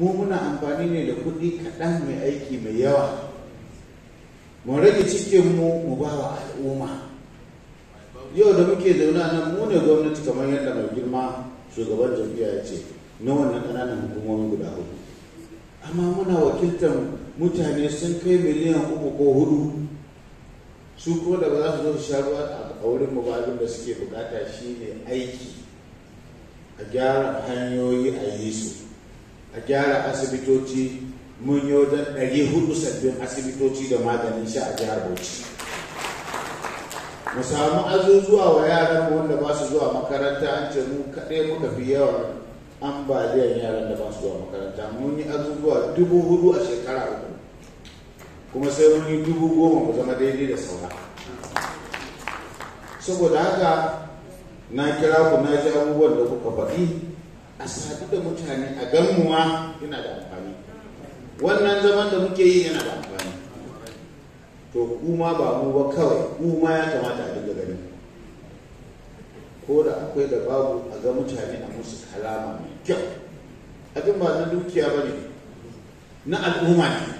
mu muna amfani ne da kuɗi kaɗan mai aiki mai yawa mu rage cikin mu ba wa al'umma yau da muke zaune nan mu ne gwamnati kamar yadda mai girma shugaban jam'iyya ya ce na wannan ƙananan hukumomi guda hudu amma muna wakiltar mutane sun kai miliyan uku ko hudu su kuma da ba za su zo su sha ruwa a wurin mu ba abin da suke bukata shi ne aiki a gyara hanyoyi a yi su a gyara asibitoci mun yi wajen ɗari hudu sabbin asibitoci da maganin sha a jihar bauchi mu samu azuzuwa wa yaran wanda ba su zuwa makaranta an ce mu kaɗai muka fi yawan ambaliyar yaran da ba su zuwa makaranta mun yi azuzuwa dubu hudu a shekara uku kuma sai mun yi dubu goma mu zama daidai da saura saboda haka na kira ku na ji abubuwan da kuka faɗi a sadu da mutane a gamuwa yana da amfani wannan zaman da muke yi yana da amfani to kuma ba mu ba kawai kuma ya kamata a daga gani ko da akwai da babu a ga mutane a musu kalama mai kyau abin ba na dukiya ba ne na al'umma ne